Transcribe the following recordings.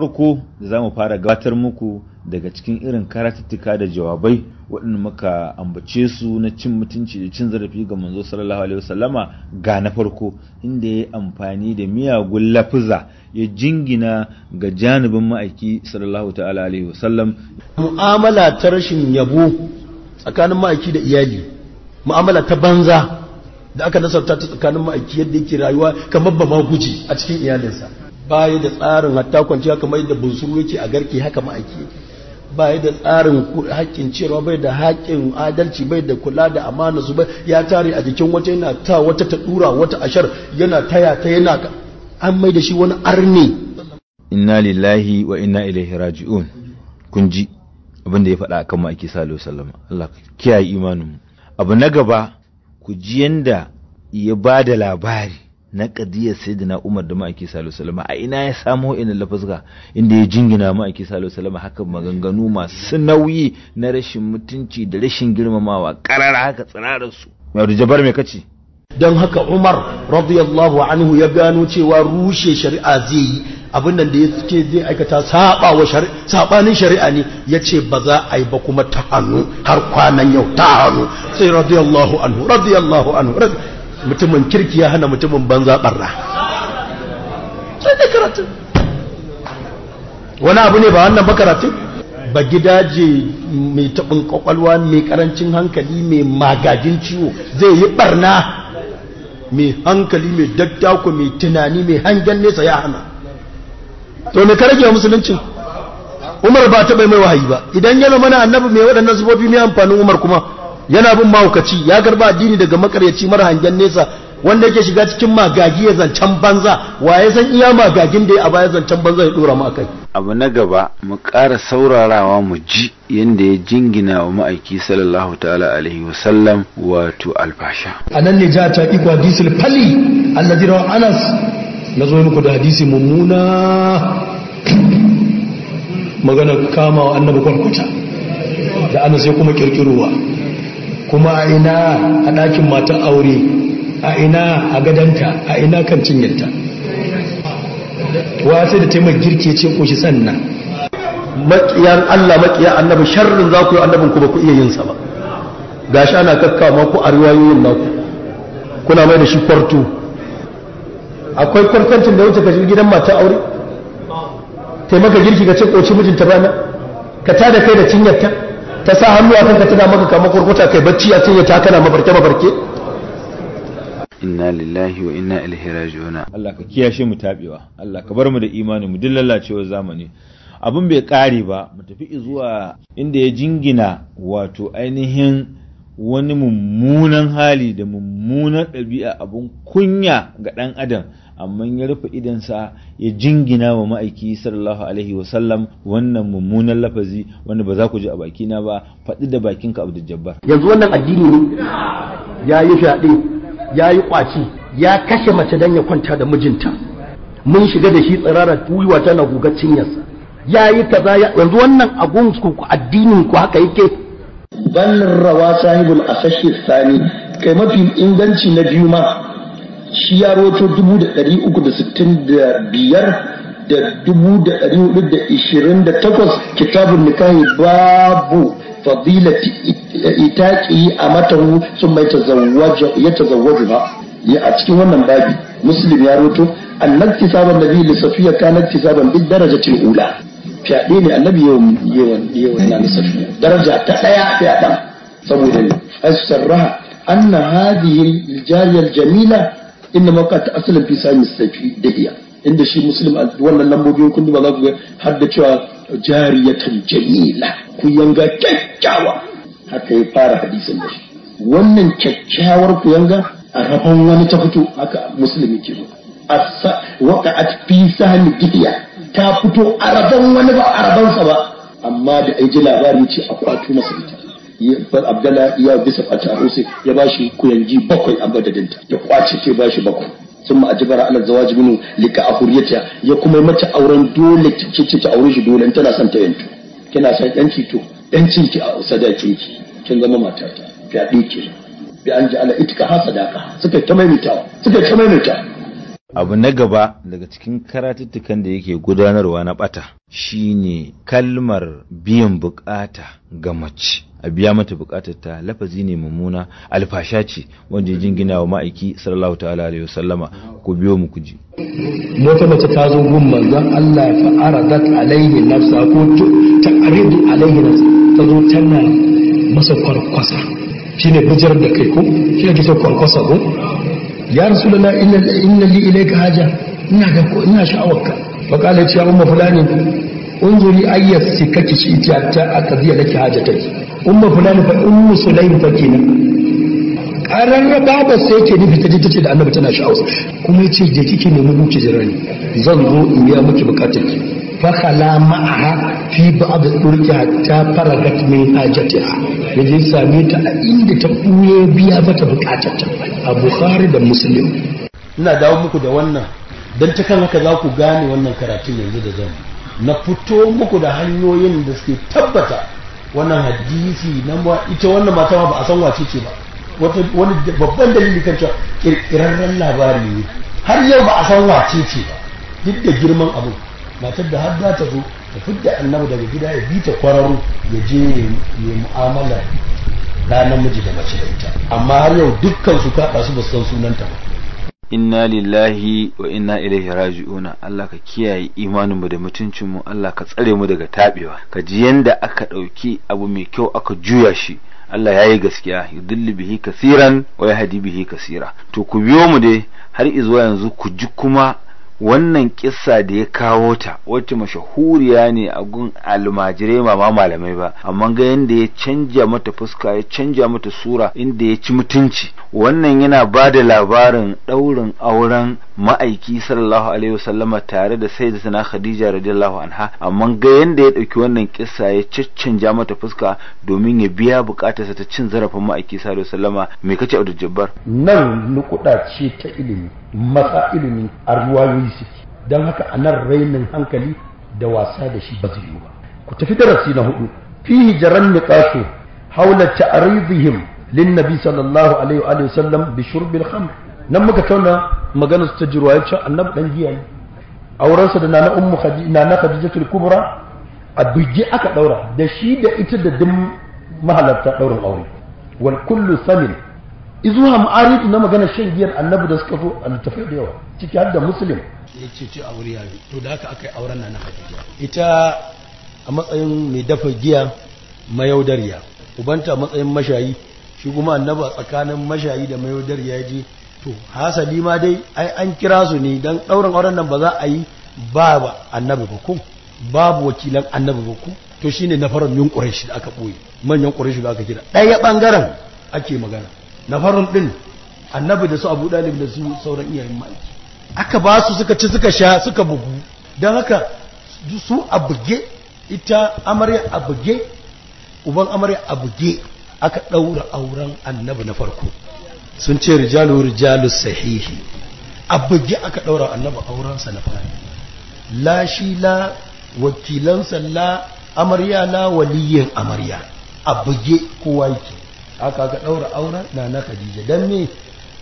farko za mu fara gabatar muku daga cikin irin karatattuka da jawabai waɗanda muka ambace su na cin mutunci da cin zarafi ga manzo sallallahu alaihi wasallama ga na farko inda ya amfani da miyagun lafuza ya jingina ga janibin ma'aiki sallallahu ta'ala alaihi wasallam mu'amala ta rashin yabo tsakanin ma'aiki da iyali mu'amala ta banza da aka nasarta ta tsakanin ma'aiki yadda yake rayuwa kamar ba ma guji a cikin iyalinsa baya da tsarin hatta kwanciya kamar da bunsuru yake a garke haka ma'aiki baya da tsarin haƙƙin cewa bai da haƙƙin adalci bai da kula da amana su bai ya tare a jikin wata yana ta wata ta dura wata ashar yana taya ta yana an mai da shi wani arni inna lillahi wa inna ilaihi raji'un kun ji abin da ya faɗa akan ma'aiki sallallahu alaihi wasallam Allah kiyaye imanin mu abu na gaba ku ji yanda ya ba da labari na kadiyar sayyidina Umar da ma'aiki sallallahu salama a ina ya samo ina lafazga inda ya jingina ma'aiki sallallahu salama haka maganganu masu nauyi na rashin mutunci da rashin girmamawa karara haka tsirararsu su Yaudu Jabar me kace don haka Umar radiyallahu anhu ya gano cewa rushe shari'a zai yi abin da ya suke zai aikata saba wa shari'a sabanin shari'a ne ya ce ba za a yi ba kuma ta hannu har kwanan yau ta hannu sai radiyallahu anhu radiyallahu anhu mutumin kirki ya hana mutumin banza barna sai da karatu wani abu ne ba wannan ba karatu ba gidaje mai taɓin ƙwaƙwalwa mai ƙarancin hankali mai magajin ciwo zai yi barna mai hankali mai daddako mai tunani mai hangen nesa ya hana to me ka rage wa musuluncin umar ba taɓa mai wahayi ba idan yana mana annabi mai waɗannan zubobi mai amfanin umar kuma yana bin mahaukaci ya garba addini daga makaryaci mara hangen nesa wanda yake shiga cikin magagi ya zancen banza waye san iya magagin da ya abaya baya zancen banza ya dora makai abu na gaba mu ƙara saurarawa mu ji yadda ya jingina wa ma'aiki sallallahu ta'ala alaihi wasallam wato alfasha anan ne ja ta iko hadisul fali allazi anas na zo muku da hadisi mummuna magana kama wa annabi kwarkwata da anas ya kuma kirkirowa kuma a ina a ɗakin matan aure a ina a gadanta a ina kan cinyarta wata da girki girke ce ƙoshi sannan maƙiyan Allah maƙiyan annabi sharrin za ku yi annabin ku ba ku iya yin sa ba gashi ana kakkawa ku a riwayoyin naku kuna mai da shi kwarto akwai kwartancin da wuce ka gidan mata aure taimaka girki ka ce ƙoci mijinta bana ka tada kai da cinyarta ta sa hannu a kanka tana maka kama kurkuta kai bacci a cinye ta kana mabarke mabarke inna lillahi wa inna ilaihi raji'un Allah ka kiyashe mu tabewa Allah ka bar mu da imani mu duk lalacewar zamani abun bai kare ba mu tafi zuwa inda ya jingina wato ainihin wani mummunan hali da mummunan ɗabi'a abun kunya ga ɗan adam amma ya rufe idansa ya jingina wa ma'aiki sallallahu alaihi wasallam wannan mummunan lafazi wanda ba za ku ji a bakina ba faɗi da bakinka abu da jabbar yanzu wannan addini ne ya yi fyaɗe ya yi ƙwaci ya kashe mace don ya kwanta da mijinta mun shiga da shi tsirara gwiwa tana gogacin yasa ya kaza yanzu wannan agun ku addinin ku haka yake Ballin rawa sahibul asashi sani kai mafi inganci na biyu ma shi ya roto dubu da ɗari uku da sittin da biyar da dubu da ɗari hudu da ishirin da takwas kitabun nikahi babu fadilati itaƙi a matahu sun mai ya tazawwaju ba ya a cikin wannan babi muslim ya roto annan kisaban nabi lissafiya kanan kisaban duk darajatin ula fyaɗe ne annabi yawan yawan na lissafi daraja ta ɗaya fyaɗa saboda ne Raha. anna hadhihi jariyar jamila inna maka ta asalin fi sami safi dahiya inda shi muslim a wannan lambobin kun ba za ku ga har da cewa jariyatan jamila ku yanga kyakkyawa haka ya fara hadisin da shi wannan kyakkyawar ku yanga a rabon wani ta fito haka musulmi ke zo waqa'at fi sahmi dihiya ta fito a rabon wani ba a rabonsa ba amma da ai ji labari ce a kwato masa ita bar ya bisa fata rusai ya bashi ji bakwai a badadinta ya kwace ke bashi bakwai sun ma'ajibara ala zawaji minu lika a huriyata ya kuma mata auren dole ki ta aure shi dole tana son ta yanto kina son yanki to yancin ki a sadakin ki kin zama matata fyaɗe ki bi an ji ala itka ha sadaka suka ta suka ta abu na gaba daga cikin karatuttukan da yake gudanarwa na bata shine kalmar biyan bukata ga mace a biya mata bukatar ta lafazi ne mummuna alfasha ce wanda jingina wa ma'aiki sallallahu ta'ala alaihi wasallama ku biyo mu kuji mota mace ta zo gun manzon Allah fa aradat alaihi nafsa ko ta aridu alaihi nafsa ta zo tana masa kwarkwasa shine bijar da kai ko shine kike kwarkwasa ko ya rasulullah inna li ka haja ina ko ina sha'awarka fa qala ya umma fulani unzuri ayyat sikaki shi ta ta haja ta ke. umma fulani fa ummu sulaim fa kina karar baba sai ke nufi ta jita ce da annaba tana sha'awar kuma ce da kike nemi muke jirani zan zo in biya miki bukatar ki fa khala ma'aha fi ba'd turki hatta faragat min ya ji sami ta a inda ta ɓuye biya mata bukatar ta a bukhari da muslim ina dawo muku da wannan don ta haka za ku gane wannan karatun yanzu da zan na fito muku da hanyoyin da suke tabbata wannan hadisi na ita wannan mata ba a san wace ce ba wani babban dalili kan cewa kirkirarren labari ne har yau ba a san wace ce ba duk da girman abu matar da har za ta zo ta fidda annabi daga gida ya bi ta kwararru ya je ya mu'amala da namiji da mace da ita amma har yau dukkan su kaɗa su ba san sunanta ba inna lillahi wa inna ilaihi raji'una Allah ka kiyaye imanin mu da mutuncin mu Allah ka tsare mu daga tabewa ka ji yanda aka ɗauki abu mai kyau aka juya shi Allah ya yi gaskiya yudilli bihi kasiran wa yahdi bihi kasira to ku biyo mu dai har izuwa yanzu ku ji kuma wannan kissa da ya kawo ta wacce mashahuriya ne a gun almajirai ba ma malamai ba amma ga yanda ya canja mata fuska ya canja mata sura inda ya ci mutunci wannan yana ba da labarin ɗaurin auren ma'aiki sallallahu alaihi wasallama tare da sana khadija radiyallahu anha amma ga yanda ya ɗauki wannan kissa ya caccanja mata fuska domin ya biya bukatarsa ta cin zarafin ma'aiki sallallahu alaihi wasallama me kace Abdul Jabbar nan nukuda ce ta ilimi masa ilimin arwayoyi suke don haka a nan rainin hankali da wasa da shi ba zai yi ba ku tafi darasi na hudu fihi jaran niqasu hawla ta'ridihim lin nabi sallallahu alaihi wa sallam bi shurbil khamr nan muka tauna magana su ta jirwa ya ce annabi dan giya ne aurensa da nana ummu khadija na khadijatul kubra a bige aka daura da shi da ita da dum mahalarta daurin aure wal kullu samin izuwa ma'arif na magana shan giyar annabi da suka zo a littafai da yawa ciki har da muslim ya ce ce aure ya to da haka aka yi auren nana khadija ita a matsayin mai dafa giya mayaudariya ubanta a matsayin mashayi shi kuma annaba tsakanin mashayi da mayaudar ya je to hasali ma dai ai an kira su ne don ɗaurin auren nan ba za a yi ba annabi ba ko babu wakilan annabi ba ko to shine na farin min da aka boye manyan shi da aka kira ɗaya ɓangaren ake magana na farin ɗin annabi da su Abu ɗalib da su sauran iyayen ma'aiki aka ba su suka ci suka sha suka bugu don haka su a buge ita amarya a buge uban amarya a buge aka ɗaura auren annabi na farko sun ce rijalu rijalu sahihi abugi aka ɗaura annabi aurensa na farko la shi la wakilansa la amarya la waliyin amarya abuge kowa yake aka aka ɗaura auren na na khadija Dan me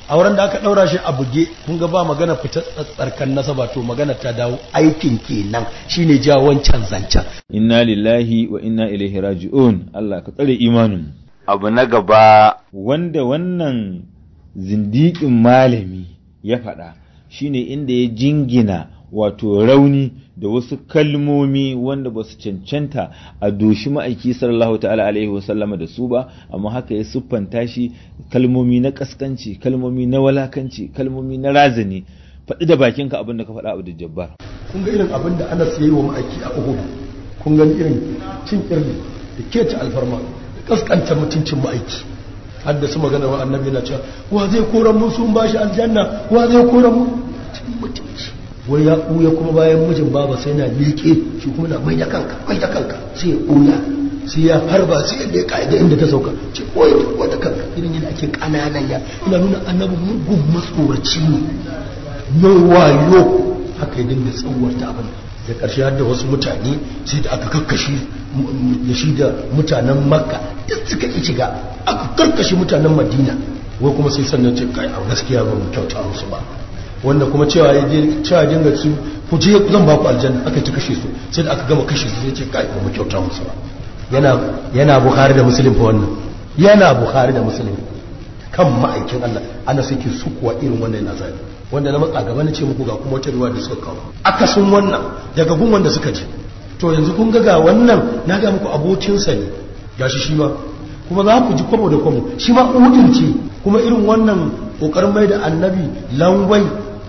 auren da aka ɗaura shi a buge. kun ga ba magana fita tsarkan nasaba to magana ta dawo aikin kenan shine jawon can zancen inna lillahi wa inna ilaihi raji'un Allah ka tsare imanin abu na gaba wanda wannan zindiƙin malami ya faɗa shine inda ya jingina wato rauni da wasu kalmomi wanda ba su cancanta a doshi ma'aiki sallallahu ta'ala alaihi wasallama da su ba amma haka ya siffanta shi kalmomi na ƙasƙanci, kalmomi na walakanci kalmomi na razani faɗi da bakinka abin da ka faɗa abu da jabbar kun ga irin abin da anas ya yi wa ma'aiki a uhudu kun gani irin cin irin da ke ci alfarma kaskanta mutuncin ma'aiki haddasa magana wa annabi na cewa wa zai koran mu sun bashi aljanna wa zai koran mu mutunci wai ya ɓuya kuma bayan mijin baba sai na liƙe shi kuma na mai da kanka mai da kanka sai ya ɓuya sai ya harba sai ya ya ƙa'ida inda ta sauka ce koyi wata kanka irin yadda ake ƙananan ya ina nuna annabi mugun matsoraci ne wa wayo haka ya dinga tsawarta abin da ƙarshe har da wasu mutane sai da aka karkashi da shi da mutanen makka duk suka yi shiga aka karkashi mutanen madina wai kuma sai sannan ce kai a gaskiya ba mu kyauta musu ba wanda kuma cewa ya je cewa dinga su ku je zan ba ku aljanna aka ci kashe su sai da aka gama kashe su sai ce kai ba mu kyauta musu ba yana yana bukhari da muslim fa wannan yana bukhari da muslim kan ma'aikin Allah ana sai sukuwa irin wannan nazari wanda na matsa gaba na ce muku ga kuma wata ruwa da suka kawo akasin wannan daga gun wanda suka ji to yanzu kun ga ga wannan na ga muku abokinsa ne gashi shi ma kuma za ku ji kwamo da kwamo shi ma udin ce kuma irin wannan kokarin mai da annabi langwai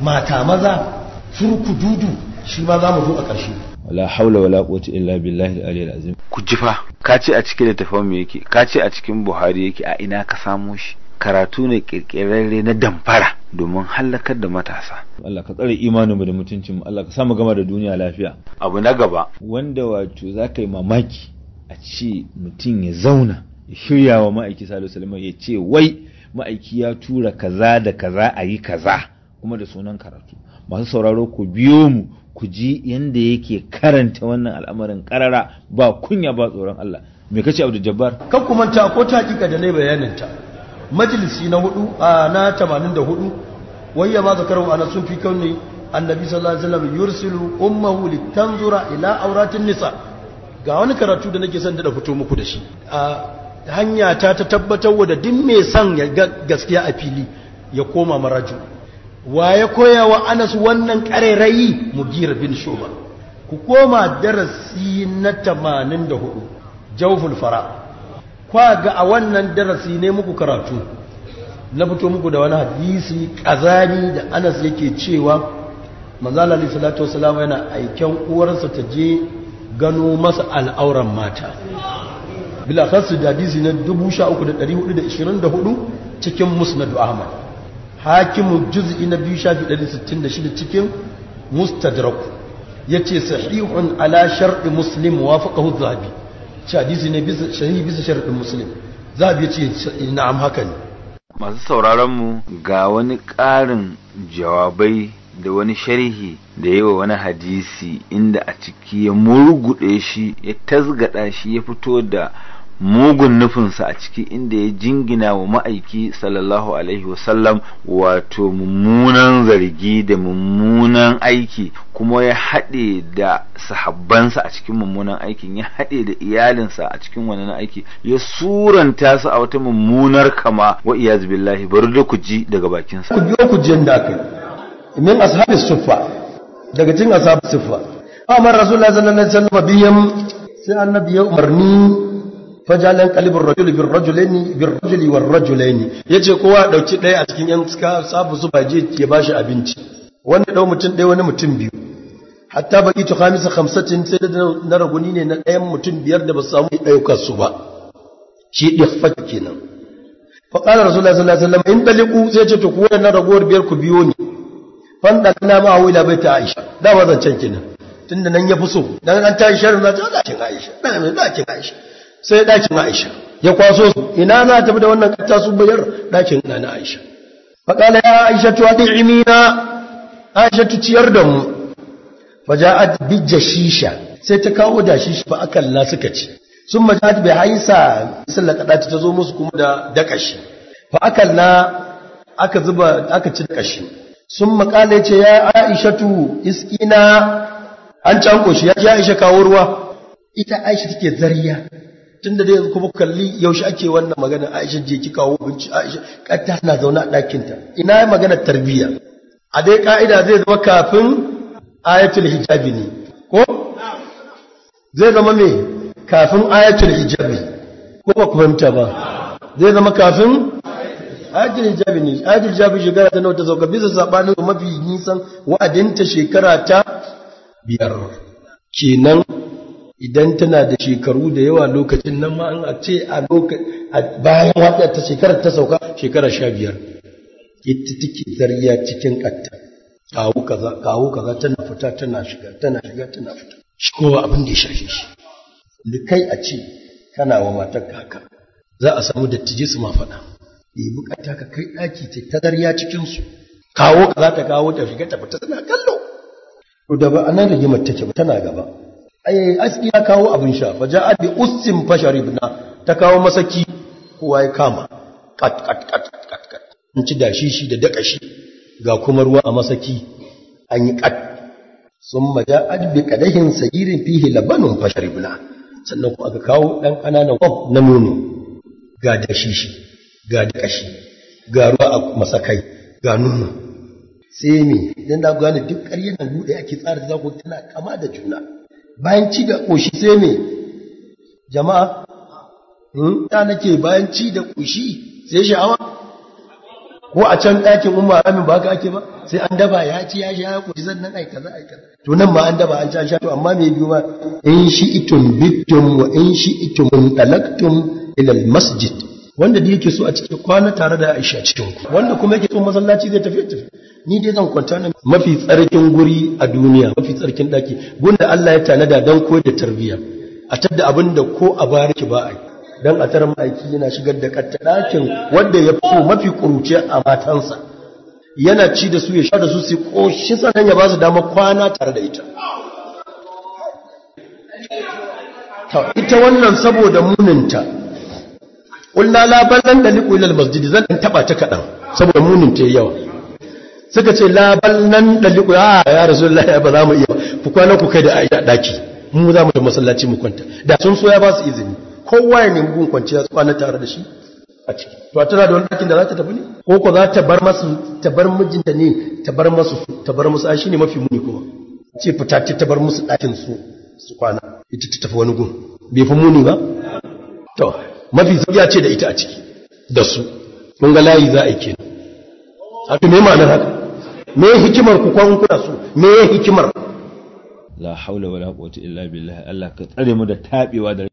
mata maza furku dudu shi ma za mu zo a ƙarshe wala haula wala quwwata illa billahi al-aliyyil azim ku jifa ka ce a cikin littafin mu yake ka ce a cikin buhari yake a ina ka samo shi karatu ne kirkirarre na damfara domin hallakar da matasa Allah ka tsare imaninmu da mutuncinmu Allah ka samu gama da duniya lafiya abu na gaba wanda wato za ka yi mamaki a ce mutum ya zauna ya shirya wa ma'aiki Salisu Salima ya ce wai ma'aiki ya tura kaza da kaza a yi kaza kuma da sunan karatu masu sauraro ku biyo mu ku ji yanda yake karanta wannan al'amarin karara ba kunya ba tsoron Allah me kace Abdul Jabbar kan ku manta ko ta kika da ne bayanin ta majalisi na hudu na Wai wayya ba zakaru ana sun fi kaune annabi sallallahu alaihi wasallam yursilu ummuhu litanzura ila auratin nisa ga wani karatu da nake son da fito muku da shi a hanya ta ta tabbatar wa da duk mai son ya gaskiya a fili ya koma maraju wa ya koya wa Anas wannan karerayi Mugira bin Shuba ku koma darasi na 84 Jawful Fara' kwa ga a wannan darasi ne muku karatu na fito muku da wani hadisi kazani da anas yake cewa manzala alaihi salatu wasalam yana aiken uwarsa ta je gano masa al'auran mata bila khasu da hadisi na 13424 cikin musnadu ahmad hakimu juz'i na 266 cikin mustadrak yace sahihun ala shar'i muslim wafaqahu zabi ci hadisi ne bisa shari'i bisa sharadin musulun za a biya ce na'am haka ne masu sauraron mu ga wani ƙarin jawabai da wani sharhi da yi wa wani hadisi inda a ciki ya murgude shi ya tasgada shi ya fito da mugun nufinsa a ciki inda ya jingina wa ma'aiki sallallahu alaihi wasallam wato mummunan zargi da mummunan aiki kuma ya haɗe da sahabbansa a cikin mummunan aikin ya haɗe da iyalinsa a cikin wannan aiki ya suranta su a wata mummunar kama wa iyaz billahi bari da ku ji daga bakinsa ku biyo ku ji da aka yi min ashabi suffa daga cikin ashabi suffa amma rasulullahi sallallahu alaihi wasallam bihim sai annabi ya umarni fajalan kalibin rajuli bin rajulaini bin rajuli ne. rajulaini yace kowa dauki ɗaya a cikin yan sabu zuba je ya bashi abinci wanda dau mutum dai wani mutum biyu hatta baki to khamisa khamsatin sai da na raguni ne na ɗayan mutum biyar da ba su samu daukar su ba shi ihfat kenan fa qala rasulullahi sallallahu alaihi wasallam in taliqu sai ce to ku na ragowar biyar ku biyo ni fan da kana ma ila baita aisha da wazan can kenan tunda nan ya fi so dan an ta aisha na ta da kin aisha Dan ne da kin aisha sai ɗakin aisha ya kwaso su ina za ta bi da wannan katta su bayar ɗakin na na aisha faƙala ya aisha tuwa ɗi'imina aisha tu ciyar da mu faja'at bi jashisha sai ta kawo jashishi fa la suka ci sun majat bi haisa sallaka kadata ta zo musu kuma da dakashi fa akalla aka zuba aka ci dakashi sun makala yace ya aishatu iskina an can koshi ya aisha kawo ruwa ita aisha take zariya tunda da yanzu kuma kalli yaushe ake wannan magana Aisha je ki kawo binci Aisha katta na zauna a ɗakin ta ina magana tarbiyya a dai ka'ida zai zama kafin ayatul hijabi ne ko zai zama me kafin ayatul hijabi ko ba ku fahimta ba zai zama kafin ayatul hijabi ne ayatul hijabi shekara ta nawa ta sauka bisa sabanin mafi nisan wa'adinta shekara ta biyar kenan idan tana da shekaru da yawa lokacin nan ma an a ce a bayan wadda ta shekarar ta sauka shekara sha biyar ita take zariya cikin ƙatta kawo kaza tana fita tana shiga tana shiga tana fita shi kowa abin da ya shafe shi da kai a ce kana wa matar kaka? za a samu dattije su ma faɗa yi bukata ka kai ɗaki ta ta zariya cikinsu kawo kaza ta kawo ta shiga ta fita tana kallo to da ba a nan rigimar take ba tana gaba aski ya kawo abin sha ba ja'a bi ustin na ta kawo masaki kowa ya kama kat in ci dashi shi da shi, ga kuma ruwa a masaki an yi kat summa ja'at bi kadahin sagirin fihi fashari na sannan kuma aka kawo dan kananan kwam na nono ga dashi shi ga shi, ga ruwa a masakai ga nono sai me idan da gane duk ƙaryar nan buɗe ake tsara za ku tana kama da juna bayan ci da ƙoshi sai me jama'a hmm? ta nake bayan ci da ƙoshi sai sha'awa ko a can ɗakin umma amin ba ka ake ba sai an daba ya ci ya sha ya ƙoshi sannan nan aika za aika to nan ma an daba an sha to amma me biyu ma in shi itun wa in shi itun talaktum ilal masjid wanda da yake so a cikin kwana tare da Aisha cikin wanda kuma yake so masallaci zai tafi tafi ni dai zan kwanta na mafi tsarkin guri a duniya mafi tsarkin daki gunda Allah ya tanada don koyar da tarbiyya a tadda abin da ko a bariki ba a yi a tara ma'aiki yana shigar da katta dakin wanda ya fi mafi kuruce a matansa yana ci da su ya sha da su su koshi sanan ya ba su dama kwana tare da ita ita wannan saboda muninta ƙulla ballan da liƙulal masjidi zan taɓa ta kaɗan saboda muninta yawa suka ce labal nan daliku a ah, ya rasulullahi ba za mu iya ku kwana ku kai da a ɗaki. mu za mu da masallaci mu kwanta da sun so ya ba su izini kowa ya nemi gun ya kwana tare da shi a ciki to tana da wani ɗakin da za ta tafi ne ko ko za ta bar masu ta bar mijinta ne ta bar masu ta bar musu a shine mafi muni kuma ce fita ta bar musu ɗakin su su kwana ita ta tafi wani gun bai fi muni ba to mafi sauya ce da ita a ciki da su mun ga layi za a yi kenan a to me ma'anar haka me hikimar ku kwan su me hikimar la haula wala quwwata illa billah Allah ka tsare mu da tabewa da